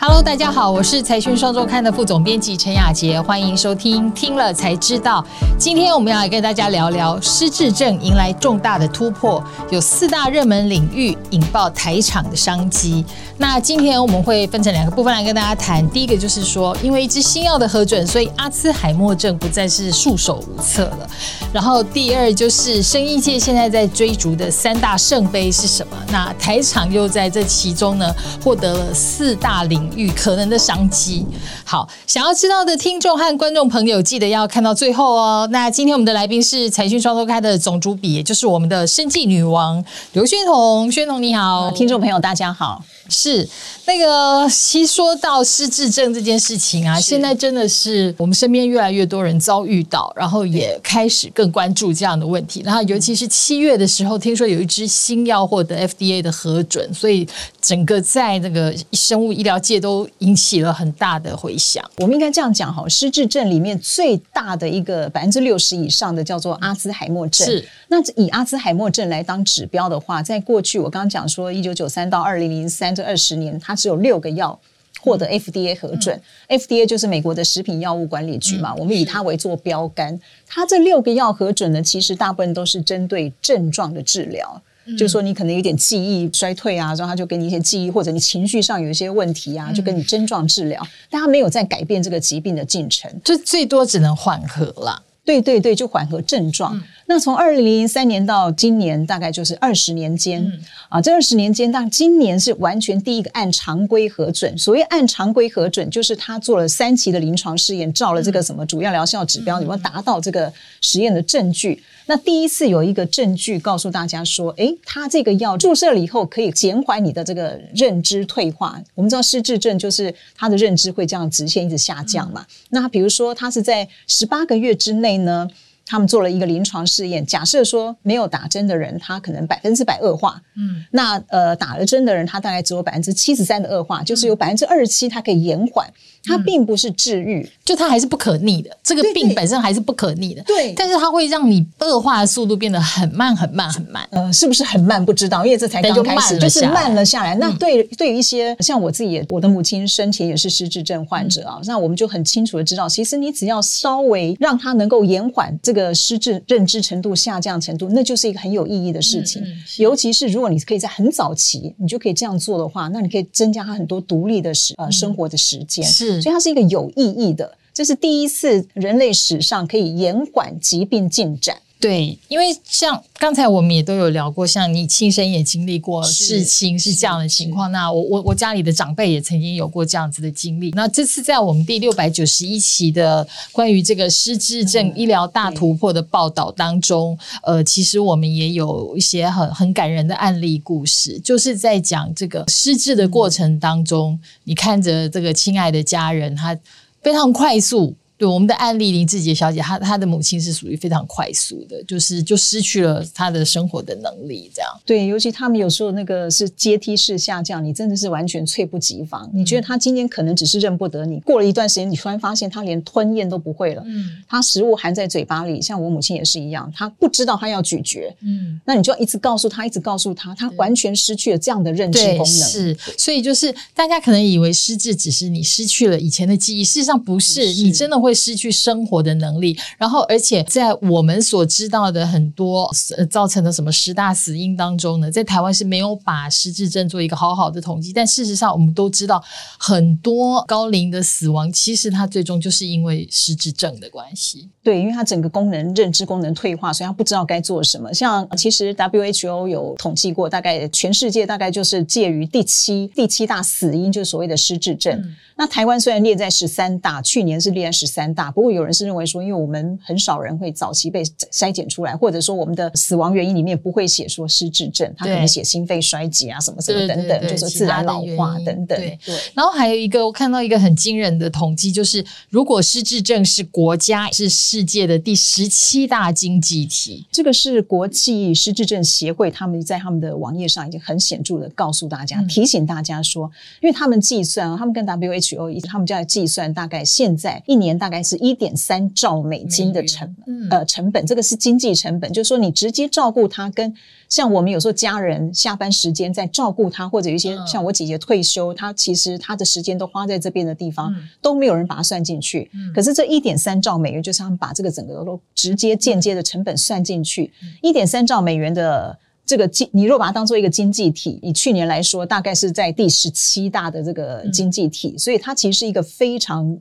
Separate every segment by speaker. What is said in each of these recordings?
Speaker 1: Hello，大家好，我是財訊雙週刊的副總編輯陳雅潔，歡迎收聽聽了財知道。今天我們要來跟大家聊聊失智症迎來重大的突破，有四大熱門領域引爆台廠的商機。那今天我們會分成兩個部分來跟大家談，第一個就是說，因為一支新藥的核准，所以阿茲海默症不再是束手無策了。然後第二就是，生醫界現在在追逐的三大聖杯是什麼？那台廠又在這其中呢獲得了四大領與可能的商機，好，想要知道的聽眾和觀眾朋友，記得要看到最後哦。那今天我們的來賓是財訊雙週刊的總主筆，也就是我們的生技女王劉軒彤。軒彤你好，聽眾朋友大家好。是那個，其實說到失智症這件事情啊，是現在真的是我們身邊越來越多人遭遇到，然後也開始更關注這樣的問題。然後尤其是七月的時候，聽說有一支新藥獲得 FDA 的核准，所以整個在那個生物醫療界。都引起了很大的回響。我們應該這樣講哈，失智症裡面最大的一
Speaker 2: 個百分之六十以上的叫做阿茲海默症。是，那以阿茲海默症來當指標的話，在過去我剛剛講說，一九九三到二零零三這二十年，它只有六個藥獲得 FDA 核准。嗯。FDA 就是美國的食品藥物管理局嘛。嗯。我們以它為做標杆，它這六個藥核准呢，其實大部分都是針對症狀的治療。嗯、就是說你可能有點記憶衰退啊，然後他就給你一些記憶，或者你情緒上有一些問題啊，就跟你症狀治療，嗯、但他沒有在改變這個疾病的進程，就最多只能緩和了。對對對，就緩和症狀。嗯那從二零零三年到今年，大概就是二十年間、嗯、啊。這二十年間，當然今年是完全第一個按常規核准。所謂按常規核准，就是他做了三期的臨床試驗，照了這個什麼主要療效指標，有沒有達到這個實驗的證據？嗯嗯，那第一次有一個證據告訴大家說，誒，他這個藥注射了以後，可以減緩你的這個認知退化。我們知道失智症就是他的認知會這樣直線一直下降嘛。嗯、那比如說，他是在十八個月之內呢。他們做了一個臨床試驗，假設說沒有打針的人，他可能百分之百惡化。嗯，那呃打了針的人，他大概只有百分之七十三的惡化，就是有百分之二十
Speaker 1: 七他可以延緩。嗯、他並不是治癒，就他還是不可逆的，嗯、這個病本身還是不可逆的。對，對，對，但是他會讓你惡化的速度變得很慢，很慢，很慢對。呃，是不是很慢？不知道，因為這才剛開始，就是慢
Speaker 2: 了下來。嗯、那對對於一些像我自己也，我的母親生前也是失智症患者啊，嗯、那我們就很清楚的知道，其實你只要稍微讓他能夠延緩這個。的失智認知程度下降程度，那就是一個很有意義的事情。嗯、尤其是如果你可以在很早期，你就可以這樣做的話，那你可以增加他很多獨立的時呃生活的時間。嗯、是，所以它是一個有意義的。這是第一次人類史上可以
Speaker 1: 延緩疾病進展。對，因為像剛才我們也都有聊過，像你親身也經歷過事情是這樣的情況。那我我我家裡的長輩也曾經有過這樣子的經歷。那這次在我們第六百九十一期的關於這個失智症醫療大突破的報道當中，嗯、呃，其實我們也有一些很很感人的案例故事，就是在講這個失智的過程當中，嗯、你看着這個親愛的家人，他非常快速。對我們的案例，林志潔小姐，她她的母親是屬於非常快速的，就是就失去了她的生活的能力，這樣。
Speaker 2: 對，尤其他們有時候那個是階梯式下降，你真的是完全猝不及防。嗯，你覺得她今天可能只是認不得你，過了一段時間，你突然發現她連吞嚥都不會了。嗯，她食物含在嘴巴裡，像我母親也是一樣，她不知道她要咀嚼。嗯，那你就要一直告訴她，一直
Speaker 1: 告訴她，她
Speaker 2: 完全失去了這樣的認知功能。是，
Speaker 1: 所以就是大家可能以為失智只是你失去了以前的記憶，事實上不是，不是你真的會。會失去生活的能力，然後而且在我們所知道的很多呃造成的什麼十大死因當中呢，在台灣是沒有把失智症做一個好好的統計，但事實上我們都知道很多高齡的死亡，其實它最終就是因為失智症的關係。
Speaker 2: 對，因為它整個功能認知功能退化，所以它不知道該做什麼。像其實 WHO 有統計過，大概全世界大概就是介於第七第七大死因，就是所謂的失智症。嗯、那台灣雖然列在十三大，去年是列在十三。三大，不過有人是認為說，因為我們很少人會早期被篩檢出來，或者說我們的死亡原因裡面不會寫說失智症，他對可能寫
Speaker 1: 心肺衰竭啊，什麼什麼等等，對對對，就是自然老化等等。對，然後還有一個我看到一個很驚人的統計，就是如果失智症是國家、是世界的第十七大經濟體，
Speaker 2: 這個是國際失智症協會他們在他們的網頁上已經很顯著的告訴大家，嗯、提醒大家說，因為他們計算，他們跟 WHO 他們在計算大概現在一年大。大概是一點三兆美金的成本，嗯、呃，成本這個是經濟成本，就是說你直接照顧他跟，跟像我們有時候家人下班時間在照顧他，或者有一些、哦、像我姐姐退休，他其實他的時間都花在這邊的地方，嗯、都沒有人把它算進去。嗯、可是這一點三兆美元，就是他們把這個整個都直接間接的成本算進去，一點三兆美元的這個經，你若把它當做一個經濟體，以去年來說，大概是在第十七大的這個經濟體，嗯、所以它其實是一個非常。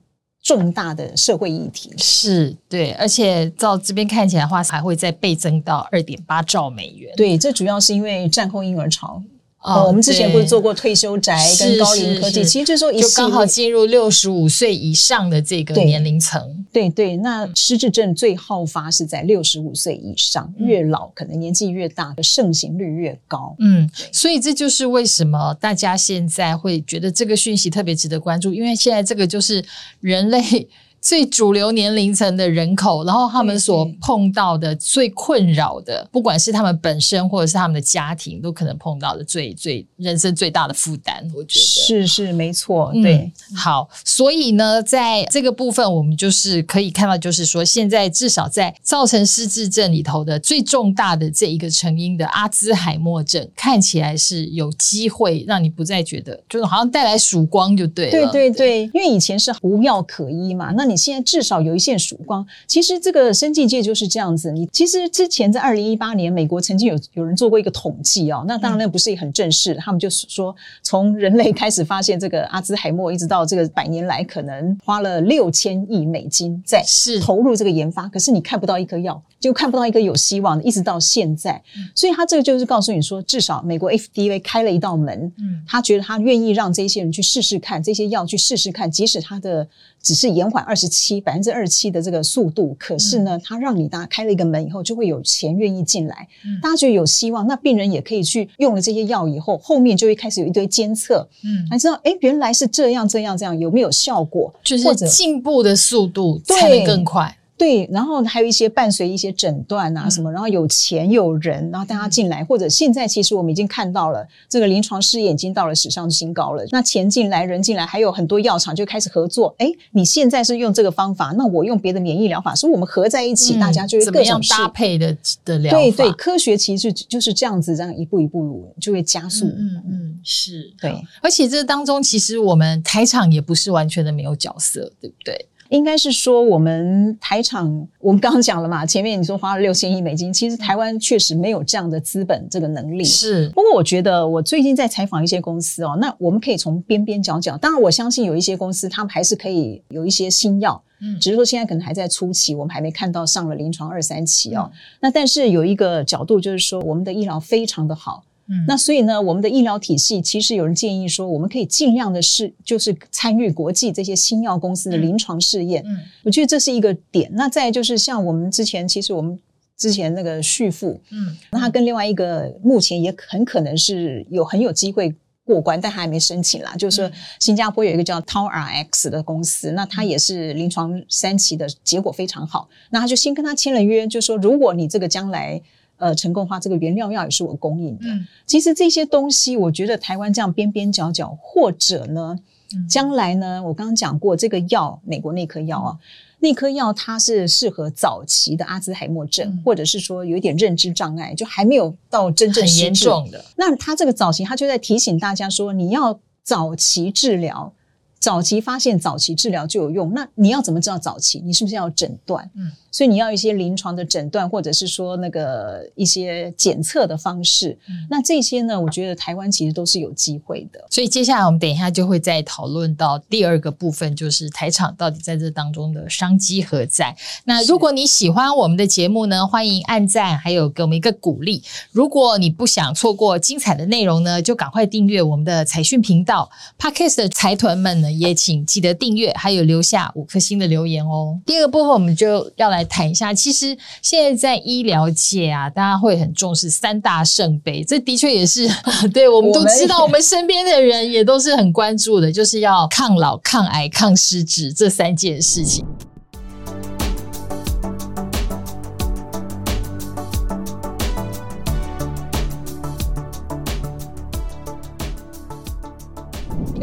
Speaker 2: 重大的社會議題是
Speaker 1: 對，而且照這邊看起來的話，還會再倍增到二點八兆美元。對，這主要是因為戰後嬰兒潮。啊，我們之前不是做
Speaker 2: 過退休宅跟高齡科技，是是是，其實就是說，就剛好進
Speaker 1: 入六十五歲以上的這個年齡層，對對，對對，那失智症最好發是在六十五歲以上，嗯、越老可能年紀越大的盛行率越高，嗯，所以這就是為什麼大家現在會覺得這個訊息特別值得關注，因為現在這個就是人類。最主流年齡層的人口，然後他們所碰到的最困擾的，嗯、不管是他們本身或者是他們的家庭，都可能碰到的最最人生最大的負擔。我覺得是是沒錯，嗯、對，好。所以呢，在這個部分，我們就是可以看到，就是說，現在至少在造成失智症裡頭的最重大的這一個成因的阿茲海默症，看起來是有機會讓你不再覺得，就是好像帶來曙光，就對了，對對對，
Speaker 2: 對因為以前是無藥可醫嘛，那你。現在至少有一線曙光。其實這個生技界就是這樣子。你其實之前在二零一八年，美國曾經有有人做過一個統計哦。那當然那不是很正式的，嗯、他們就是說從人類開始發現這個阿茲海默，一直到這個百年來，可能花了六千億美金在投入這個研發，是可是你看不到一顆藥。就看不到一個有希望的，一直到現在。嗯、所以他這個就是告訴你說，至少美國 FDA 開了一道門，嗯、他覺得他願意讓這些人去試試看，這些藥去試試看，即使他的只是延緩二十七百分之二七的這個速度，可是呢，嗯、他讓你大家開了一個門以後，就會有錢願意進來，嗯、大家覺得有希望。那病人也可以去用了這些藥以後，後面就會開始有一堆監測，嗯，才知道哎，原來是這樣這樣這樣，有沒有效果？就是進
Speaker 1: 步的速度才能更快。
Speaker 2: 對，然後還有一些伴隨一些診斷啊什麼，嗯、然後有錢有人，然後大家進來，嗯、或者現在其實我們已經看到了，嗯、這個臨床試驗已經到了史上新高了。那錢進來，人進來，還有很多藥廠就開始合作。哎，你現在是用這個方法，那我用別的免疫療法，所以我們合在一起，嗯、大家就會各種樣搭
Speaker 1: 配的的療法。對對，
Speaker 2: 科學其實就是、就是、這樣子，這樣一步一
Speaker 1: 步來就會加速。嗯嗯，是，對。而且這當中其實我們台廠也不是完全的沒有角色，對不對？應該是說，我們台廠，我們剛
Speaker 2: 剛講了嘛，前面你說花了六千億美金，其實台灣確實沒有這樣的資本，這個能力是。不過我覺得，我最近在採訪一些公司哦，那我們可以從邊邊角角，當然我相信有一些公司，他們還是可以有一些新藥，嗯，只是說現在可能還在初期，我們還沒看到上了臨床二三期哦。嗯、那但是有一個角度就是說，我們的醫療非常的好。嗯、那所以呢，我們的醫療體系其實有人建議說，我們可以盡量的試，就是參與國際這些新藥公司的臨床試驗。嗯，嗯我覺得這是一個點。那再就是像我們之前，其實我們之前那個續父嗯，那他跟另外一個目前也很可能是有很有機會過關，但他還沒申請啦。就是說新加坡有一個叫 TauRx 的公司，那他也是臨床三期的結果非常好，嗯、那他就先跟他簽了約，就說如果你這個將來。呃，成功化這個原料藥也是我供應的。嗯、其實這些東西，我覺得台灣這樣邊邊角角，或者呢，嗯、將來呢，我剛剛講過這個藥，美國那顆藥啊，那顆藥它是適合早期的阿茲海默症，嗯、或者是說有一點認知障礙，就還沒有到真正很嚴重的。那它這個早期，它就在提醒大家說，你要早期治療。早期發現、早期治療就有用。那你要怎麼知道早期？你是不是要診斷？嗯，所以你要一些臨床的診斷，或者是說那個一些檢測的方式。嗯，那
Speaker 1: 這些呢，我覺得台灣其實都是有機會的。所以接下來我們等一下就會再討論到第二個部分，就是台廠到底在這當中的商機何在。那如果你喜歡我們的節目呢，歡迎按讚，還有給我們一個鼓勵。如果你不想錯過精彩的內容呢，就趕快訂閱我們的財訊頻道。Podcast 的財團們呢。也請記得訂閱，還有留下五顆星的留言哦。第二個部分，我們就要來談一下，其實現在在醫療界啊，大家會很重視三大聖杯，這的確也是，對，我們都知道，我們身邊的人也都是很關注的，就是要抗老、抗癌、抗失智這三件事情。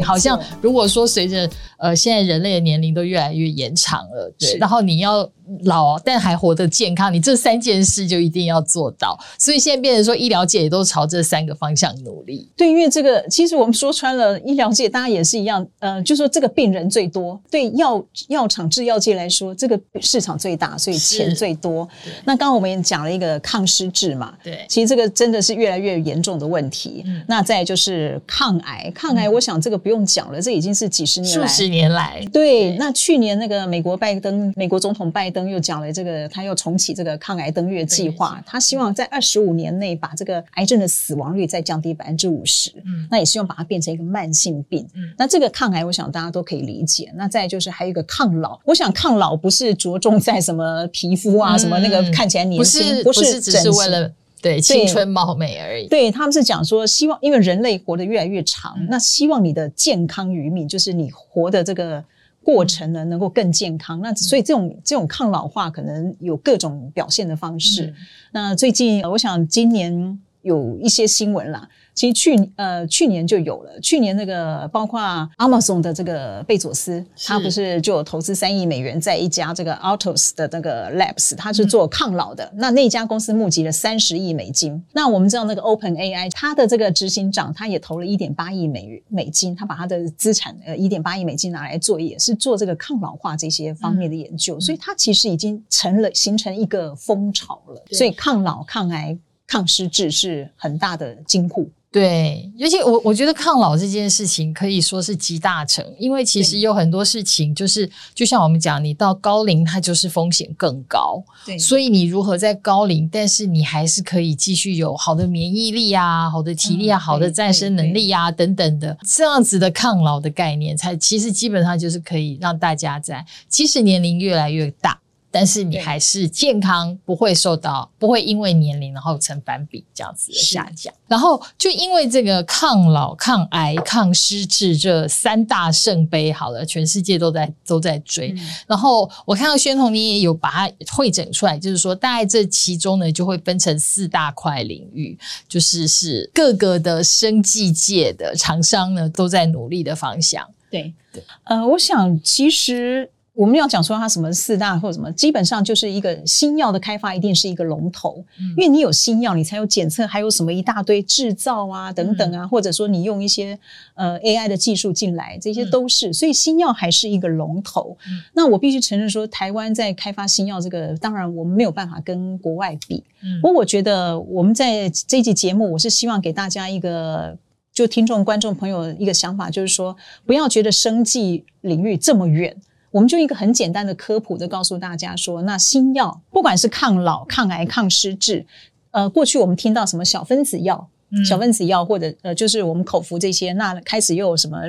Speaker 1: 好像如果說隨着是呃，現在人類的年齡都越來越延長了，是對，然後你要老但還活得健康，你這三件事就一定要做到。所以現在變成說，醫療界也都朝這三個方向努力。
Speaker 2: 對，因為這個其實我們說穿了，醫療界大家也是一樣，呃，就是、說這個病人最多，對藥藥廠製藥界來說，這個市場最大，所以錢最多。那剛剛我們也講了一個抗失智嘛，對，其實這個真的是越來越嚴重的問題。嗯、那再就是抗癌，抗癌，我想這個不用講了，嗯、這已經是幾十年，數十年來。對，對那去年那個美國拜登，美國總統拜登。登又講了這個，他又重啟這個抗癌登月計劃，他希望在二十五年內把這個癌症的死亡率再降低百分之五十，嗯、那也希望把它變成一個慢性病，嗯、那這個抗癌，我想大家都可以理解。那再就是還有一個抗老，我想抗老不是着重在什麼皮膚啊，嗯、什麼那個看起來年輕，嗯、不是，不是，不是只是為了對，對青春貌美而已。對他們是講說，希望因為人類活得越來越長，嗯、那希望你的健康餘命，就是你活的這個。過程呢，能夠更健康。那所以這種這種抗老化可能有各種表現的方式。嗯、那最近，我想今年有一些新聞啦。其實去呃去年就有了，去年那個包括 Amazon 的這個貝佐斯，是他不是就有投資三億美元在一家這個 Altos 的那個 Labs，他是做抗老的。嗯、那那家公司募集了三十億美金。那我們知道那個 OpenAI，它的這個執行長他也投了一點八億美元美金，他把他的資產呃一點八億美金拿來做也是做這個抗老化這些方面的研究，嗯、所以它其實已經成了形
Speaker 1: 成一個風潮了。嗯、所以抗老、抗癌、抗失智是很大的金庫。對，尤其我我覺得抗老這件事情可以說是集大成，因為其實有很多事情，就是對就像我們講，你到高齡它就是風險更高，對，所以你如何在高齡，但是你還是可以繼續有好的免疫力啊，好的體力啊，嗯、好的再生能力啊等等的，這樣子的抗老的概念才，才其實基本上就是可以讓大家在其實年齡越來越大，但是你還是健康對不會受到，不會因為年齡然後成反比這樣子的下降。是然後就因為這個抗老、抗癌、抗失智這三大聖杯，好了，全世界都在都在追。嗯、然後我看到軒彤，你也有把它彙整出來，就是說大概這其中呢，就會分成四大塊領域，就是是各個的生技界的廠商呢都在努力的方向。對對，對
Speaker 2: 呃，我想其實。我們要講說它什麼四大或者什麼，基本上就是一個新藥的開發一定是一個龍頭，嗯、因為你有新藥，你才有檢測，還有什麼一大堆制造啊等等啊，嗯、或者說你用一些呃 AI 的技術進來，這些都是，嗯、所以新藥還是一個龍頭。嗯、那我必須承認說，台灣在開發新藥這個，當然我們沒有辦法跟國外比，嗯、不過我覺得我們在這集節目，我是希望給大家一個就聽眾、觀眾朋友一個想法，就是說不要覺得生技領域這麼遠。我們就一個很簡單的科普，就告訴大家說，那新藥不管是抗老、抗癌、抗失智，呃，過去我們聽到什麼小分子藥、嗯、小分子藥，或者呃，就是我們口服這些，那開始又有什麼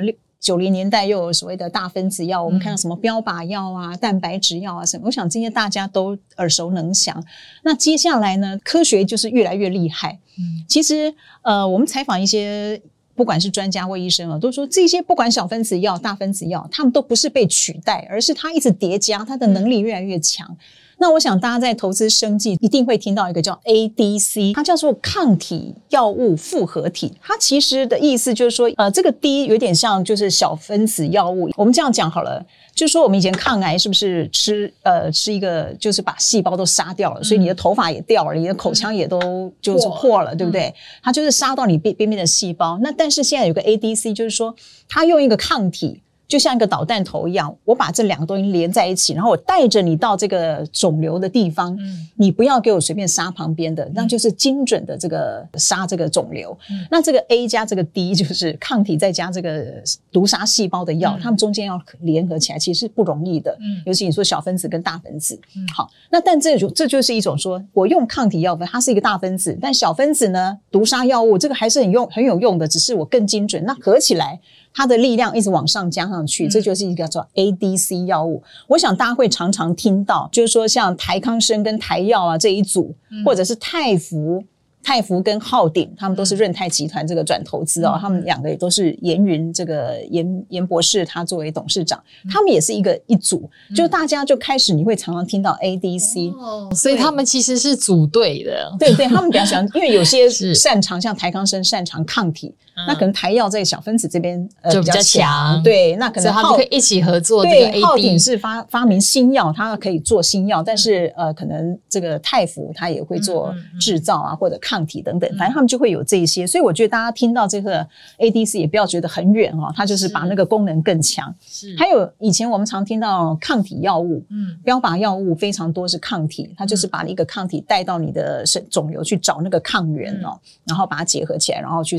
Speaker 2: 九零年代又有所謂的大分子藥，嗯、我們看到什麼標靶藥啊、蛋白質藥啊什麼，我想這些大家都耳熟能詳。那接下來呢，科學就是越來越厲害。嗯、其實呃，我們採訪一些。不管是專家或醫生啊，都說這些不管小分子藥、大分子藥，它們都不是被取代，而是它一直疊加，它的能力越來越強。嗯那我想大家在投資生技一定會聽到一個叫 ADC，它叫做抗體藥物複合體。它其實的意思就是說，呃，這個 D 有點像就是小分子藥物。我們這樣講好了，就說我們以前抗癌是不是吃呃吃一個就是把細胞都殺掉了，所以你的頭髮也掉了，你的口腔也都就是破了，破了，對不對？它就是殺到你邊邊邊的細胞。那但是現在有個 ADC，就是說它用一個抗體。就像一個導彈頭一樣，我把這兩個東西連在一起，然後我帶着你到這個腫瘤的地方。嗯、你不要給我隨便殺旁邊的，那就是精準的這個殺這個腫瘤。嗯、那這個 A 加這個 D 就是抗體再加這個毒殺細胞的藥，嗯、它們中間要聯合起來，嗯、其實是不容易的。嗯、尤其你說小分子跟大分子，好，那但這就這就是一種說我用抗體藥物，它是一個大分子，但小分子呢毒殺藥物，這個還是很用很有用的，只是我更精準。那合起來。它的力量一直往上加上去，嗯、這就是一個叫做 ADC 藥物。我想大家會常常聽到，就是說像台康生跟台藥啊這一組，嗯、或者是泰福，泰福跟浩鼎，他們都是潤泰集團這個轉投資哦。他們兩個也都是嚴雲這個嚴嚴博士，他作為董事長，他們也是一個一組。就大家就開始，你會常常聽到 ADC，所以他們其實是組隊的。對對，他們比較喜歡，因為有些擅長，像台康生擅長抗體，那可能台藥在小分子這邊就比較強。對，那可能他們可以一起合作。對，浩鼎是發發明新藥，它可以做新藥，但是呃，可能這個泰福他也會做制造啊，或者。抗體等等，反正他們就會有這些，嗯、所以我覺得大家聽到這個 ADC 也不要覺得很遠哦，它就是把那個功能更強。是還有以前我們常聽到抗體藥物，嗯，標靶藥物非常多是抗體，它就是把一個抗體帶到你的是腫瘤去找那個抗原哦，嗯、然後把它結合起來，然後去。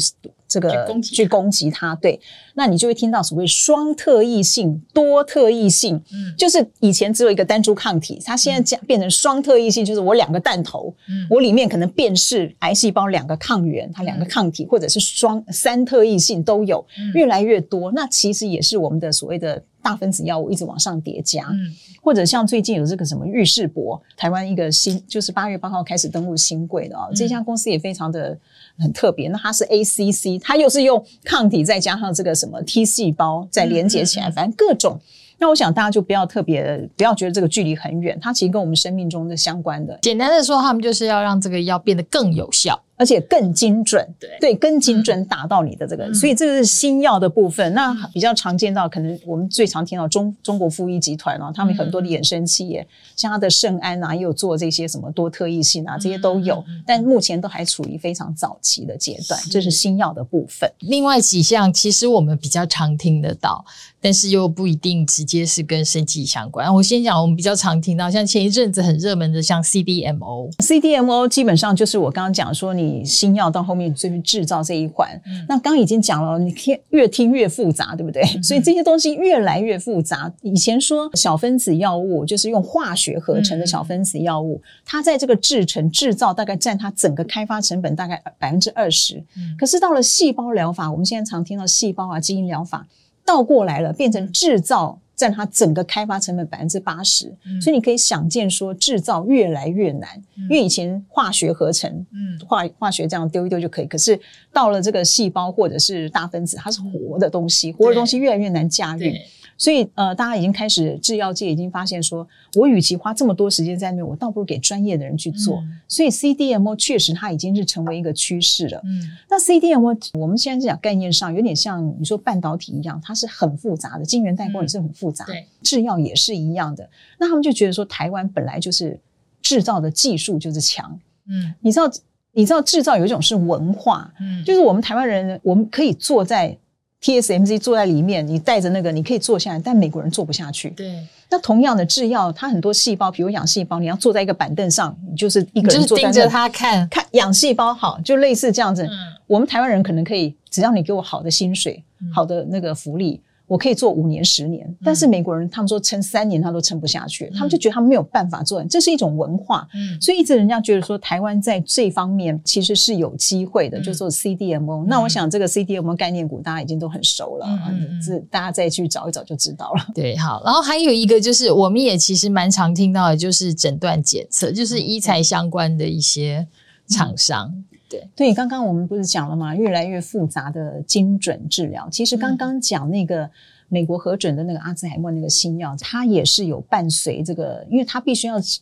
Speaker 2: 這個去攻擊它，擊對，那你就會聽到所謂雙特異性、多特異性，嗯，就是以前只有一個單株抗體，它現在變成雙特異性，就是我兩個彈頭，嗯，我裡面可能辨識癌細胞兩個抗原，它兩個抗體、嗯，或者是雙三特異性都有，嗯，越來越多，那其實也是我們的所謂的。大分子藥物一直往上疊加，嗯、或者像最近有這個什麼育世博，台灣一個新，就是八月八號開始登錄興櫃的啊、哦，這家公司也非常的很特別。那它是 ACC，它又是用抗體再加上這個什麼 T 細胞再連接起來，嗯、反正各種。那我想大家就不要特別，不要覺得這個距離很遠，它其實跟我們生命中是相關的。簡單的說，他們就是要讓這個藥變得更有效。而且更精準，對，對，更精準打到你的這個，嗯、所以這是新藥的部分。嗯、那比較常見到，可能我們最常聽到中中國復益集團啊，他們很多的衍生企業，嗯、像他的聖安啊，又做這些
Speaker 1: 什麼多特異性啊，這些都有，嗯、但目前都還處於非常早期的階段，是這是新藥的部分。另外幾項其實我們比較常聽得到，但是又不一定直接是跟身體相關。啊、我先講我們比較常聽到，像前一陣子很熱門的，像 CDMO，CDMO CD 基本上就是我剛剛講說你。新藥到後面最製造這
Speaker 2: 一環，嗯、那剛剛已經講了，你聽越聽越複雜，對不對？嗯、所以這些東西越來越複雜。以前說小分子藥物就是用化學合成的小分子藥物，嗯、它在這個製程，製造大概佔它整個開發成本大概百分之二十。嗯、可是到了細胞療法，我們現在常聽到細胞啊、基因療法，倒過來了，變成製造。佔它整個開發成本百分之八十，嗯、所以你可以想見說製造越來越難，嗯、因為以前化學合成，嗯，化化學這樣丟一丟就可以，可是到了這個細胞或者是大分子，它是活的東西，活的東西越來越難駕馭。所以，呃，大家已經開始，製藥界已經發現說，說我與其花這麼多時間在那，我倒不如給專業的人去做。嗯、所以，CDMO 確實它已經是成為一個趨勢了。嗯，那 CDMO 我們現在這講概念上，有點像你說半導體一樣，它是很複雜的，晶圓代工也是很複雜，嗯、對，製藥也是一樣的。那他們就覺得說，台灣本來就是製造的技術就是強，嗯，你知道，你知道製造有一種是文化，嗯，就是我們台灣人，我們可以坐在。TSMC 坐在裡面，你帶着那個，你可以坐下來，但美國人坐不下去。對，那同樣的製藥，它很多細胞，比如養細胞，你要坐在一個板凳上，你就是一個人坐就是盯着它看。看養細胞好，就類似這樣子。嗯，我們台灣人可能可以，只要你給我好的薪水，好的那個福利。嗯嗯我可以做五年、十年，但是美國人他們說撐三年他都撐不下去，嗯、他們就覺得他們沒有辦法做，這是一種文化。嗯，所以一直人家覺得說台灣在這方面其實是有機會的，嗯、就做 CDMO、
Speaker 1: 嗯。那我想這個 CDMO 概念股大家已經都很熟了，這、嗯、大家再去找一找就知道了。對，好。然後還有一個就是我們也其實蠻常聽到的，就是診斷檢測，就是醫材相關的一些廠商。嗯嗯
Speaker 2: 對，對，剛剛我們不是講了嘛？越來越複雜的精準治療。其實剛剛講那個美國核准的那個阿茲海默那個新藥，它也是有伴隨這個，因為它必須要確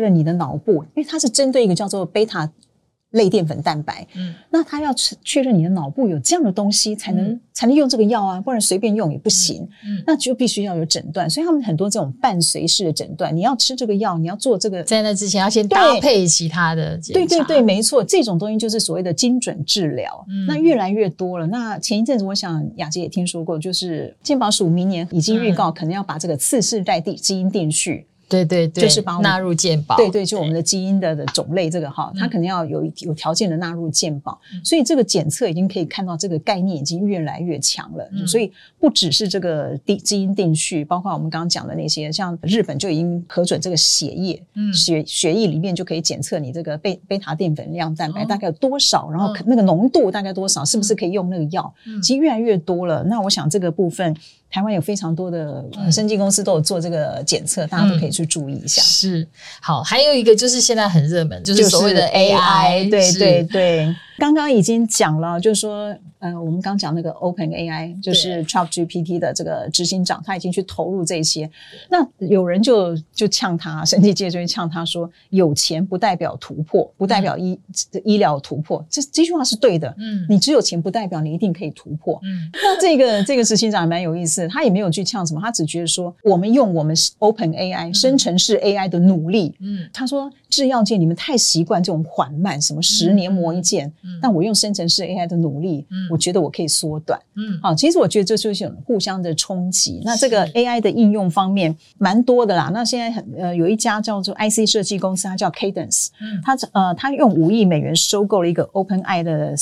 Speaker 2: 認你的腦部，因為它是針對一個叫做貝塔。類澱粉蛋白，嗯，那他要確認你的腦部有這樣的東西，才能、嗯、才能用這個藥啊，不然隨便用也不行，嗯，嗯那就必須要有診斷，所以他們很多這種伴隨式的診斷，你要吃這個藥，你要做這個，在那之前要
Speaker 1: 先搭配其他的檢查，對，對
Speaker 2: 對對，沒錯，這種東西就是所謂的精準治療，嗯，那越來越多了。那前一陣子，我想雅潔也聽說過，就是健保署明年已經預告，可能要把這個次世代地基因定序。嗯
Speaker 1: 對，對對，就是把我們納入健保。對對，
Speaker 2: 就我們的基因的種類這個哈，對它肯定要有有條件的納入健保。嗯、所以這個檢測已經可以看到，這個概念已經越來越強了。嗯、所以不只是這個定基因定序，包括我們剛剛講的那些，像日本就已經核准這個血液，血、嗯、血液裡面就可以檢測你這個貝貝塔澱粉樣蛋白大概有多少，哦、然後、嗯、那個濃度大概多少，是不是可以用那個藥？嗯、其實越來越多了。那我想這個部分。台灣有非常多的生技公司都有做這個檢測，嗯，大家都可以去注意一下。嗯，是，好，還有一個就是現在很
Speaker 1: 熱門，就是所謂的 AI，就是 AI，是，對對
Speaker 2: 對。剛剛已經講了，就是說，呃，我們剛講那個 Open AI，就是 ChatGPT 的這個執行長，他已經去投入這些。那有人就就嗆他，生技界就會嗆他說，有錢不代表突破，不代表醫醫療突破。這這句話是對的，嗯，你只有錢不代表你一定可以突破。嗯，那這個這個執行長也蠻有意思，他也沒有去嗆什麼，他只覺得說，我們用我們 Open AI、生成式 AI 的努力，嗯，他說。製藥界，你們太習慣這種緩慢，什麼十年磨一劍。嗯、但我用生成式 AI 的努力，嗯、我覺得我可以縮短。嗯，好、嗯，其實我覺得這就是互相的衝擊。嗯、那這個 AI 的應用方面蠻多的啦。那現在很呃，有一家叫做 IC 設計公司，它叫 Cadence。嗯，它呃，它用五億美元收購了一個 OpenAI 的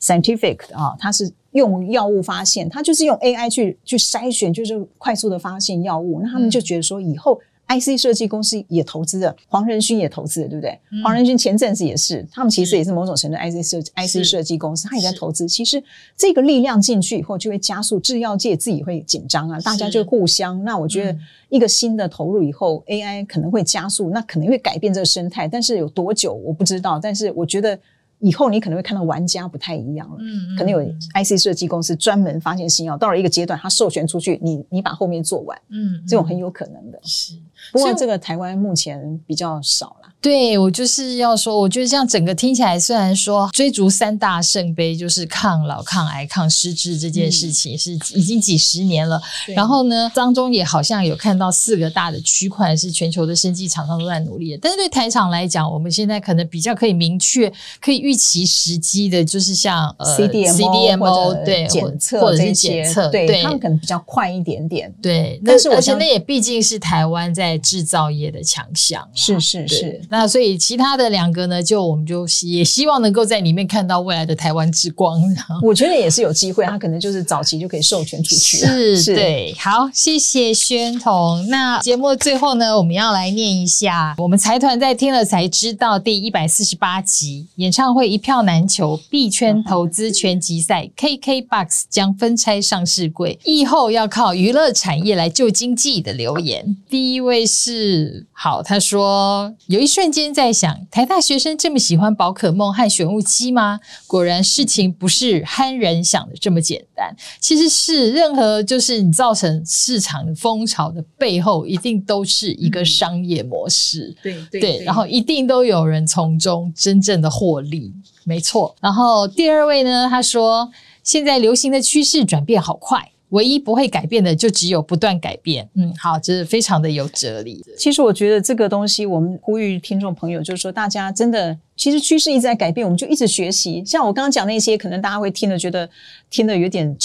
Speaker 2: Scientific 啊、哦，它是用藥物發現，它就是用 AI 去去篩選，就是快速的發現藥物。那他們就覺得說以後。I C 設計公司也投資了，黃仁勳也投資了，對不對？嗯，黃仁勳前陣子也是，他們其實也是某種程度 I C 設 I C 設計公司，是他也在投資。是其實這個力量進去以後，就會加速，製藥界自己會緊張啊，大家就互相。是那我覺得一個新的投入以後，A I 可能會加速，那可能會改變這個生態，但是有多久我不知道。但是我覺得。以後你可能會看到玩家不太一樣了，嗯，可能有 IC 設計公司專門發現新藥，到了一個階段，他授權出去，你你把後面做完，
Speaker 1: 嗯，這種很
Speaker 2: 有可能的，是。不過這個台灣目前比較少。
Speaker 1: 對，我就是要說，我覺得這樣整個聽起來，雖然說追逐三大聖杯就是抗老、抗癌、抗失智這件事情是已經幾十年了，然後呢，當中也好像有看到四個大的區塊是全球的生技廠商都在努力的。但是對台廠來講，我們現在可能比較可以明確、可以預期時機的，就是像呃 CDMO 對檢測或者是檢測，對他們可能比較快一點點。對，但是我現在也畢竟是台灣在製造業的強項，是是是。那所以其他的兩個呢，就我們就也希望能夠在裡面看到未來的台灣之光。我覺得也是有機會，他可能就是早期就可以授權出去了。是，是對，好，謝謝軒彤。那節目的最後呢，我們要來念一下我們財團在聽了財知道第一百四十八集演唱會一票難求，幣圈投資全集賽，KK Box 將分拆上市櫃，疫後要靠娛樂產業來救經濟的留言。第一位是好，他說有一宣。瞬間在想，台大學生這麼喜歡寶可夢和選物機嗎？果然，事情不是憨人想的這麼簡單。其實是任何就是你造成市場的風潮的背後，一定都是一個商業模式。嗯、對，對，對。對，然後一定都有人從中真正的獲利。沒錯。然後第二位呢，他說現在流行的趨勢轉變好快。唯一不會改變的，就只有不斷改變。嗯，好，這是非常的有哲理。其實我覺得這個東西，我們呼籲聽眾朋
Speaker 2: 友，就是說，大家真的，其實趨勢一直在改變，我們就一直學習。像我剛剛講那些，可能大家會聽的，覺得聽的有點。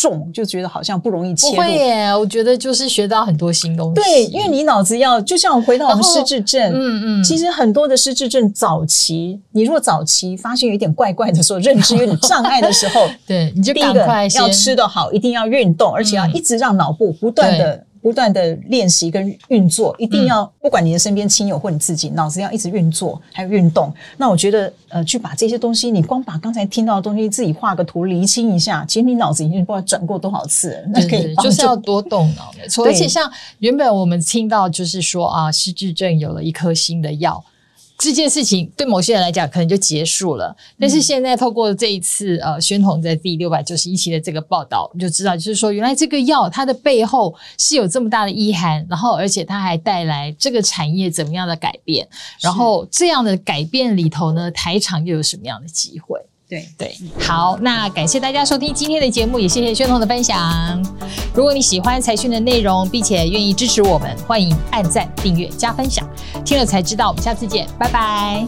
Speaker 2: 重，就覺得好像不容易切入。不會耶，
Speaker 1: 我覺得就
Speaker 2: 是學到很多新東西。對，因為你腦子要，就像我回到我們失智症，嗯嗯，嗯其實很多的失智症早期，你如果早期發現有點怪怪的時候，說 認知有點障礙的時候，
Speaker 1: 對，你就趕快第一個先要吃得
Speaker 2: 好，一定要運動，而且要一直讓腦部不斷的、嗯。不斷的練習跟運作，一定要不管你的身邊親友或你自己，腦子要一直運作，還有運動。那我覺得，呃，去把這些東西，你光把剛才聽到的東西自己畫個
Speaker 1: 圖釐清一下，其實你腦子已經不知道轉過多少次了，那可以就是要多動腦，沒錯。而且像原本我們聽到就是說啊，失智症有了一顆新的藥。這件事情對某些人來講可能就結束了，但是現在透過這一次呃，宣統在第六百九十一期的這個報道，你就知道，就是說原來這個藥它的背後是有這麼大的意涵，然後而且它還帶來這個產業怎麼樣的改變，然後這樣的改變裡頭呢，台廠又有什麼樣的機會？對對，對嗯、好，那感謝大家收聽今天的節目，也謝謝軒彤的分享。如果你喜歡財訊的內容，並且願意支持我們，歡迎按讚、訂閱、加分享。聽了財知道，我們下次見，拜拜。